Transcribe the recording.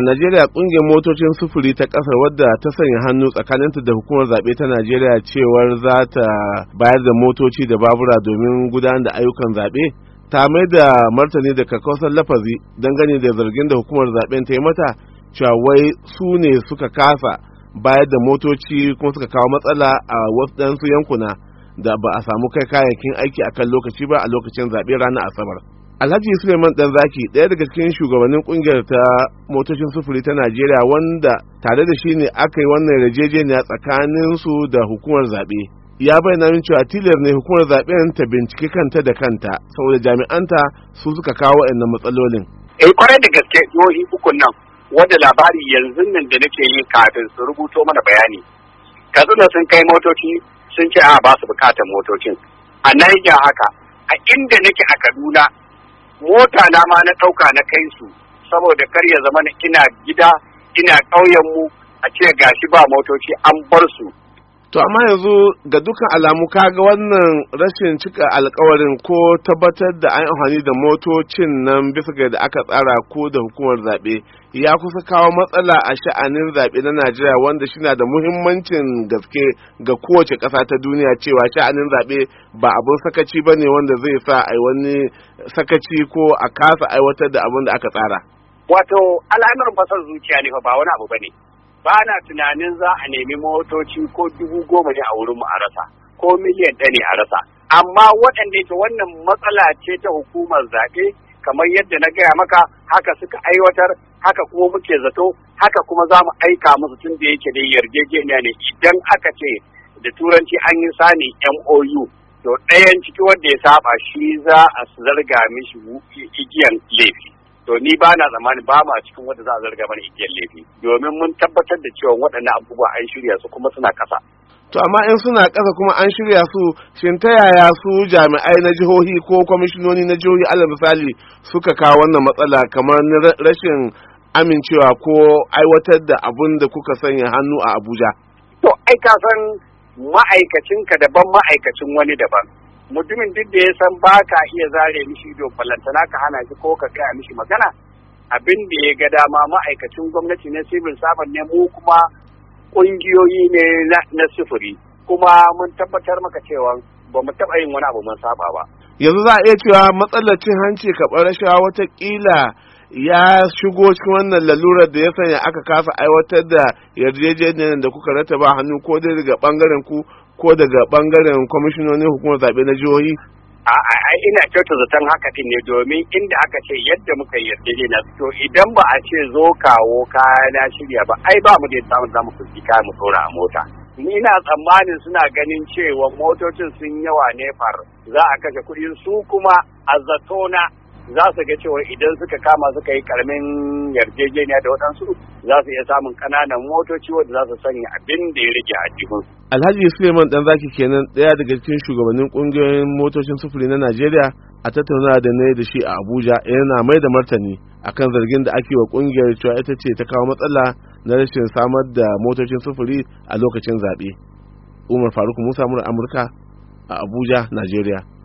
a najeriya kungiyar motocin sufuri ta kasar wadda ta sanya hannu tsakaninta da hukumar zaɓe ta najeriya cewar za ta bayar da motoci da babura domin gudanar da ayyukan zaɓe ta mai da martani da kakkausar lafazi gani da zargin da hukumar zaɓen ta yi mata cewa wai su ne suka kasa bayar da motoci kuma suka kawo matsala a wasu yankuna da ba a samu kai kayayyakin aiki akan lokaci ba a lokacin zaɓe ranar asabar alhaji suleiman dan zaki ɗaya daga cikin shugabannin kungiyar ta motocin sufuri ta najeriya wanda tare da shi ne aka yi wannan yarjejeniya tsakanin su da hukumar zaɓe ya bayyana min cewa tilar ne hukumar zaɓen ta bincike kanta da kanta saboda jami'anta su suka kawo wa'annan matsalolin eh kwarai da gaske jihohi uku nan wanda labari yanzu nan da nake yi kafin su rubuto mana bayani katsina sun kai motoci sun ce a ba su bukatar motocin a ya haka a inda nake a kaduna mota na ma na ɗauka na kai su saboda kar ya zama ina gida ina ƙauyen mu a ce gashi ba motoci an bar su To amma yanzu ga dukkan alamu kaga wannan rashin cika alkawarin ko tabbatar da an amfani da motocin nan bisa ga da aka tsara ko da hukumar zaɓe ya kusa kawo matsala a sha'anin zaɓe na Najeriya wanda shi na da muhimmancin gaske ga kowace ƙasa ta duniya cewa sha'anin zaɓe ba abin sakaci ba ne wanda zai sa a wani sakaci ko a kasa aiwatar da abin da aka tsara. Wato alamar fasar zuciya ne fa ba wani abu ba ne. ba na tunanin za a nemi motoci ko dubu goma ne a wurinmu a rasa ko miliyan ɗaya a rasa amma waɗanda yake wannan matsala ce ta hukumar zaɓe kamar yadda na gaya maka haka suka aiwatar haka kuma muke zato haka kuma za mu aika musu tun da yake dai yarjejeniya ne idan aka ce da turanci an yi sani MOU to ɗayan ciki wanda ya saba shi za a zarga mishi igiyan laifi to ni ba na tsammanin ba mu cikin wanda za a zarga mana igiyar laifi domin mun tabbatar da cewa waɗannan abubuwa an shirya su kuma suna kasa to amma in suna kasa kuma an shirya su shin ta yaya su jami'ai na jihohi ko kwamishinoni na jihohi alal misali suka kawo wannan matsala kamar rashin amincewa ko aiwatar da abun da kuka sanya hannu a abuja to ai ka san ma'aikacinka daban ma'aikacin wani daban mutumin duk da ya san ba ka iya zare mishi ido balantana ka hana shi ko ka gaya mishi magana abin da ya ga dama ma'aikacin gwamnati na civil sabon ne mu kuma ƙungiyoyi ne na sufuri kuma mun tabbatar maka cewa ba mu taɓa yin wani abu mun saba ba yanzu za a iya cewa matsalar cin hanci karɓar rashawa watakila ya shigo cikin wannan lalurar da ya sanya aka kasa aiwatar da yarjejeniyar da kuka rataba hannu ko dai daga bangaren ku ko daga bangaren kwamishinonin hukumar zaɓe na jihohi a ina kyauta zaton haka din ne domin inda aka ce yadda muka yi yarjejeniya to idan ba a ce zo kawo kaya na shirya ba ai ba mu da samu za mu kusi kaya mu tsora a mota ni ina tsammanin suna ganin cewa motocin sun yawa nefar far za a kashe kuɗi, su kuma a zatona za su ga cewa idan suka kama suka yi karamin yarjejeniya da waɗansu za su iya samun ƙananan motoci wanda za su sanya abin da ya rage a su. Alhaji Suleiman zaki kenan ɗaya daga cikin shugabannin ƙungiyoyin motocin sufuri na Najeriya a tattauna da na da shi a Abuja yana mai da martani akan zargin da ake wa ƙungiyar cewa ita ce ta kawo matsala na rashin samar da motocin sufuri a lokacin zaɓe. Umar Faruk Musa Mura Amurka a Abuja, Najeriya.